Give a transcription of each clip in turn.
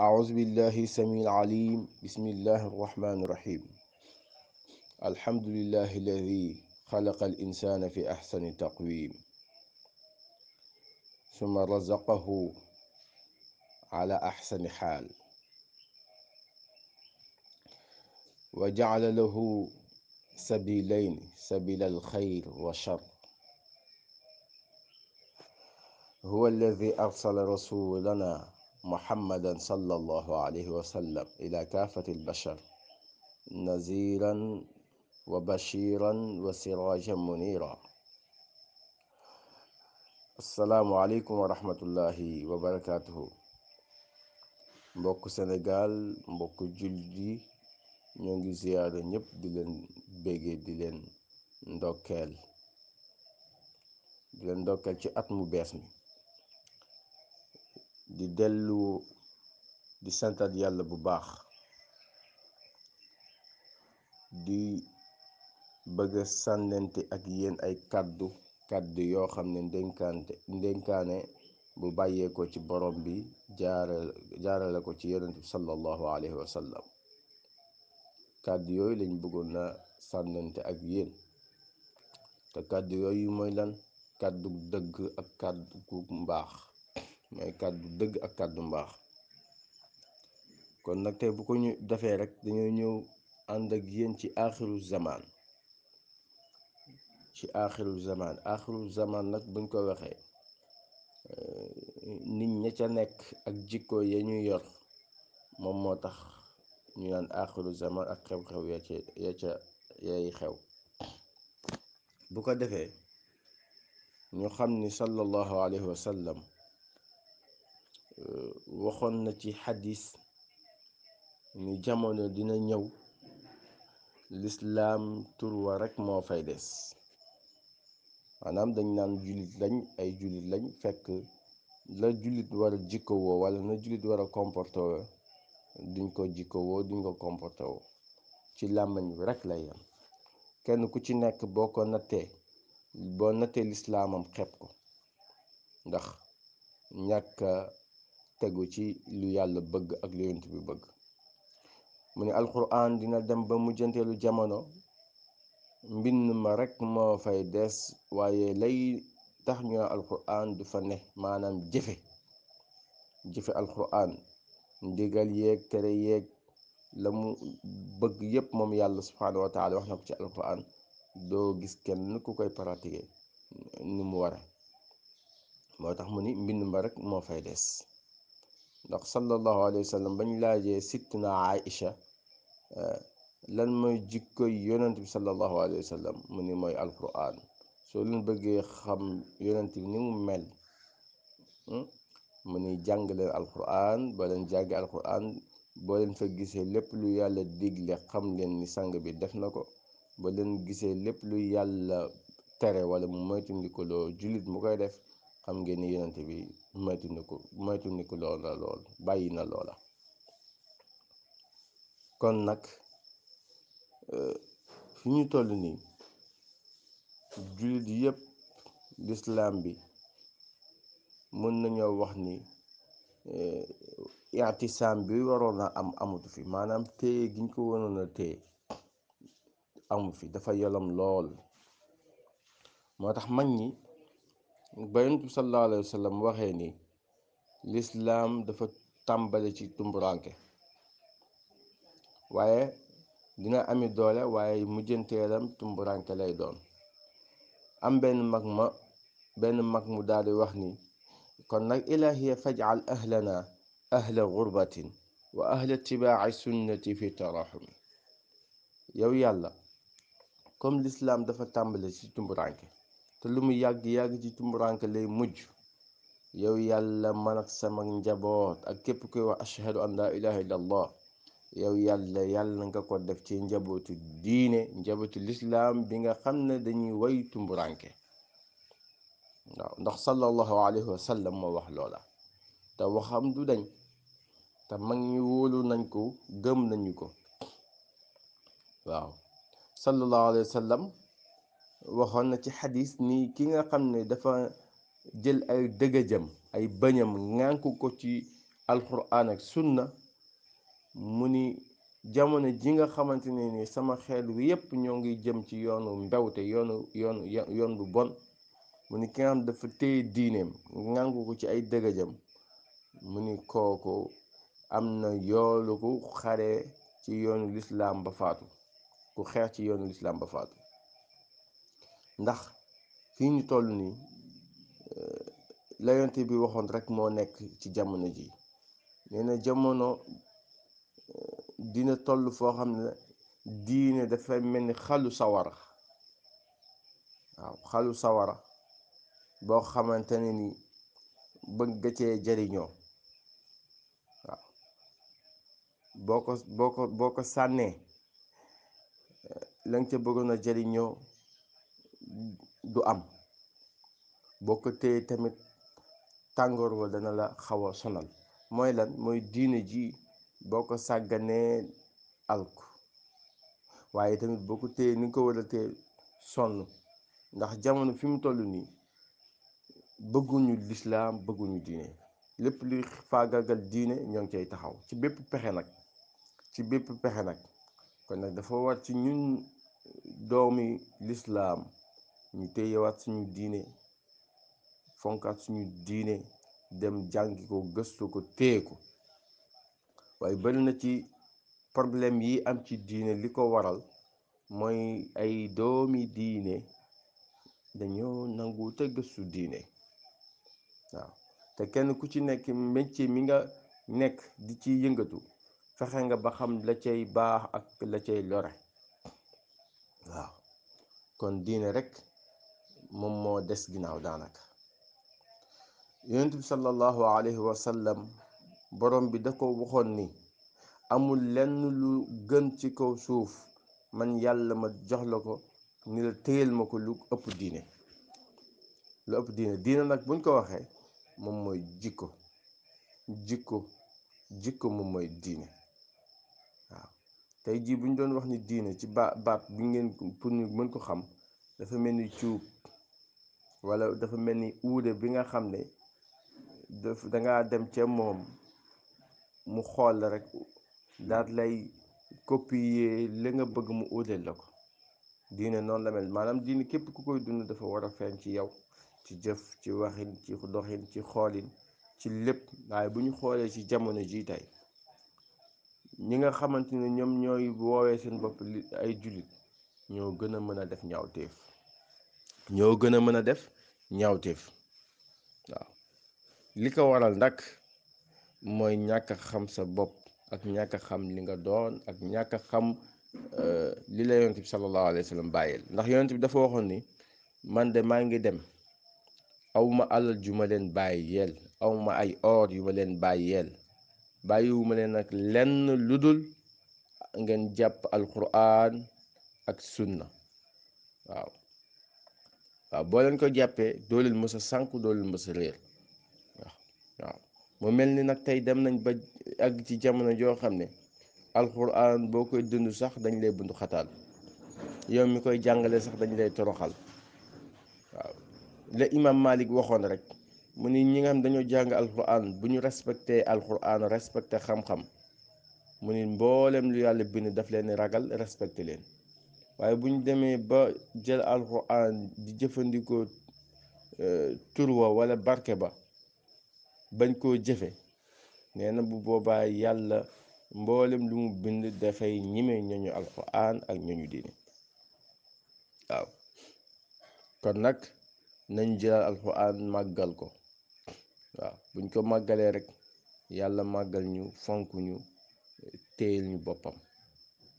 أعوذ بالله السميع العليم بسم الله الرحمن الرحيم الحمد لله الذي خلق الإنسان في أحسن تقويم ثم رزقه على أحسن حال وجعل له سبيلين سبيل الخير والشر هو الذي أرسل رسولنا محمدا صلى الله عليه وسلم إلى كافة البشر نذيرا وبشيرا وسراجا منيرا السلام عليكم ورحمة الله وبركاته بوك سنغال بوك جلدي نيونغي زيارة نيب دلن بيجي دلن دوكال دلن دوكال تي أتمو بيسمي di dellu di santaat yàlla bu baax di bëgga sànnente ak yéen ay kàddu kàddu yoo xam ne ndenkaante bu bàyyee ko ci borom bi jaara jaarale ko ci yonent bi sallallahu alayhi kàddu yooyu lañ bëggoon na sànnante ak yéen te kàddu yooyu mooy lan kàddu dëgg ak kàddu gu mbaax mooy kàddu dëgg ak kàddu mbaax kon nag tey bu ko ñu defee rek dañoo ñëw ànd ak yéen ci aaxiru zamaan ci aaxiru zamaan aaxiru zamaan nag buñ ko wexee eh, nit ña ca nekk ak jikko ya ñu yor moom moo tax ñu naan aaxiru zamaan ak xew-xew ya ca ya ca yay xew bu ko defee ñu xam ni sallallahu alayhi wa sallam Euh, waxoon na ci xadiis ñu jamono dina ñëw lislaam tur rek moo fay des maanaam dañ naan jullit lañ ay jullit lañ fekk la jullit war a jikko woo wala na jullit war a comporté woo duñ ko jikko woo duñ ko comporté woo ci làmmañ bi rek lay yam kenn ku ci nekk boo ko nattee boo nattee lislaamam xeeb ko ndax ñàkk tegu ci lu yàlla bëgg ak lu yonent bi bëgg mu ne alxuraan dina dem ba mujjanteelu jamono mbind ma rekk moo fay des waaye lay tax ñu alxuraan du fa ne maanaam jëfe jëfe alxuraan ndigal yeeg tere yeeg la mu bëgg yëpp moom yàlla subhaanahu wa wax na ko ci alxuraan doo gis kenn ku koy pratiquer ni mu ware moo tax mu ni mbind ma rek moo fay des ndax sallallahu alayhi wa sallam bañ laajee sittina Aïcha euh, lan mooy jikko yonent bi sallallahu alayhi wa mu ni mooy alquran soo leen bëggee xam yonent bi ni mel hmm, mu ni jàng leen alquran ba leen jàngi alquran boo leen fa gisee lépp lu yàlla digle xam leen ni sang bi def na ko ba leen gisee lépp lu yàlla tere wala mu moytandikoo loo jullit mu koy def xam ngeen ni yonent bi ko moytandiku loola lool bàyyi na loola kon nag euh, fi ñu toll nii jullit yépp lislaam bi mën nañoo wax ni yaatisaam euh, bi waroon a am amatu fi maanaam téye gi ñu ko waroon a téye amu fi dafa yolom lool moo tax mag ñi ba yonent bi sallallahu alayhi waxee ni lislaam dafa tàmbali ci tumburanke waaye dina ami doole waaye mujjanteelam tumburanke lay doon am benn mag mu daal di wax ni kon nag ilaahiya faj'al ahlana ahla gurbatin wa ahla tibaaci sunnati fi taraxumi yow yàlla comme lislaam dafa tàmbali ci tumburanke te lu mu yàgg-yàgg ci tumuranke lay mujj yow yàlla man ak sama njaboot ak képp koy wax ashhadu an laa ilaha illa allah yow yàlla yàlla nga ko def ci njabootu diine njabootu lislaam bi nga xam ne dañuy way tumuranke waaw ndax sallallahu alayhi wa sallam moo wax loola te waxam du dañ te mag ñi wóolu nañ ko gëm nañu ko waaw sallallahu alayhi wa sallam waxoon na ci xadis ni ki nga xam ne dafa jël ay dëgëjam ay bëñam ŋànku ko ci alquran ak sunna mu ni jamono ji nga xamante ne ni sama xel wi yépp ñoo ngi jëm ci yoonu mbewte yoonu yoonu yoon bu bon mu ni ki nga xam dafa téye diineem ŋànku ko ci ay dëgëjam mu ni kooku am na yoolu ku xare ci yoonu lislaam ba faatu ku xeex ci yoonu lislaam ba faatu ndax fii ñu toll nii layonte bi waxoon rekk moo nekk ci jamono ji nee na jamono dina toll foo xam ne diine dafay mel ni xalu sawara waaw xalu sawara boo xamante ni bëgg ga cee jariñoo waaw boo ko boo ko boo ko sànnee la nga ca bëggoon a jariñoo du am boo ko téyee tamit tàngoor wa dana la xaw a sonal mooy lan mooy diine ji boo ko sàgganee alku waaye tamit boo ko téye ni ko war a téye sonn ndax jamono fi mu toll nii bëgguñu lislaam bëgguñu diine lépp luy faagagal diine ñoo ngi cay taxaw ci bépp pexe nag ci bépp pexe nag kon nag dafa war ci ñun doomi lislaam ñu téyewaat suñu diine fonkaat suñu diine dem jàngi ko gëstu ko téye ko waaye bari na ci problème yi am ci diine li ko waral mooy ay doomi diine dañoo nangu te gëstu diine waaw te kenn ku ci nekk métier mi nga nekk di ci yëngatu fexe nga ba xam la cay baax ak la cay lore waaw kon diine rekk moom moo des ginnaaw daanaka yonent bi sallallahu alayhi wa sallam borom bi da ko waxoon ni amul lenn lu gën ci kaw suuf man yàlla ma jox la ko ni la téyel ma ko lu ëpp diine lu ëpp diine diine nag buñ ko waxee moom mooy jikko jikko jikko moom mooy diine waaw tey jii bu ñu doon wax ni diine ci ba baat bi ngeen pour ñu mën ko xam dafa mel ni cuub wala dafa melni oude bi nga xamne da nga dem ci mom mu xol rek daat lay copier li nga bëgg mu oude lako ko diine noonu la mel manam diine kep ku koy dund dafa wara a feeñ ci yow ci jëf ci waxin ci doxin ci xolin ci lépp way buñu xolé ci jamono ji tay ñi nga xamanteni ñom ñoy wowe seen bop ay julit ñoo gëna mëna def ñaawteef ñoo gën a mën def ñaawteef waaw li ko waral nag mooy ñàkk a xam sa bopp ak ñàkk a xam li nga doon ak ñàkk a xam li la yonent bi sallallahu alayhi wa sallam bàyyil ndax yonent bi dafa waxoon ni man de maa ngi dem awma alal ju ma leen bàyyi yeel awma ay or yu ma leen bàyyi yeel bàyyiwu ma leen nag lenn lu dul ngeen jàpp alquran ak sunna waaw waaw boo leen ko jàppee doo leen sànku doo leen mës réer waaw waaw mu mel ni nag tey dem nañ ba àgg ci jamono joo xam ne alxuraan boo koy dund sax dañ lay bundu xataal yow mi koy jàngale sax dañ lay toroxal waaw la imam Malik waxoon rek mu ni ñi nga xam dañoo jàng alxuraan bu ñu respecté alxuraan respecté xam-xam mu ni mboolem lu yàlla bind daf leen ragal respecté leen waaye bu ñu demee ba jël alxuraan di jëfandikoo e, tur wa wala barke ba bañ koo jëfe nee na bu boobaa yàlla mboolem lu mu bind dafay ñime ñooñu aan ak ñooñu diine waaw kon nag nañ jëlal alxuraan màggal ko waaw buñ ko màggalee rek yàlla màggal ñu fonk ñu téyel ñu boppam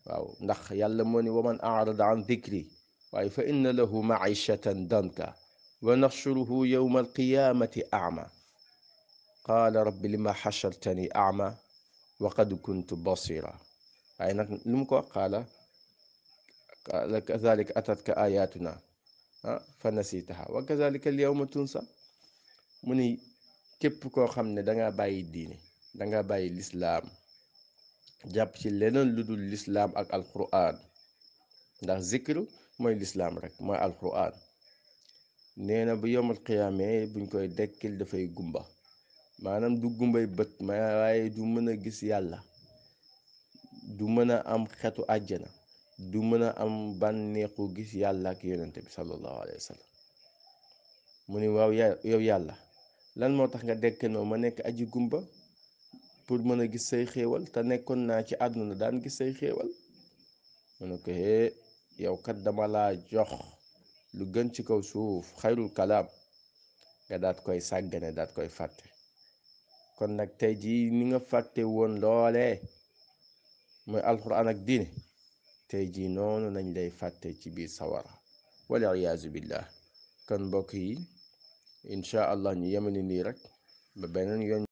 واو ندخ يلا موني ومن أعرض عن ذكري واي فإن له معيشة دنكا ونحشره يوم القيامة أعمى قال رب لما حشرتني أعمى وقد كنت بصيرا أي نمك قال كذلك أتتك آياتنا فنسيتها وكذلك اليوم تنسى مني كيب كو خامني داغا باي ديني داغا باي الاسلام jàpp ci leneen lu dul lislaam ak alquran ndax zikr mooy lislaam rek mooy alquran nee na bu yomal xiyaamee buñ koy dekkil dafay gumba maanaam du gumbay bët ma waaye du mën a gis yàlla du mën a am xetu àjjana du mën a am bànneexu gis yàlla ak yonente bi sallallahu alayhi wa mu ni waaw yow yàlla lan moo tax nga dekk noo ma nekk aji gumba pour mën a gis say xéewal te nekkoon naa ci àdduna daan gis say xéewal mën ne ko hee yow kat dama laa jox lu gën ci kaw suuf xayrul kalam nga daat koy sàggane daat koy fàtte kon nag tey jii ni nga fàtte woon loolee mooy alxuraan ak diine tey jii noonu nañ lay fàtte ci biir sawara wala iyaazu billah kon mbokk yi incha allah ñu yemani nii rek ba beneen yoon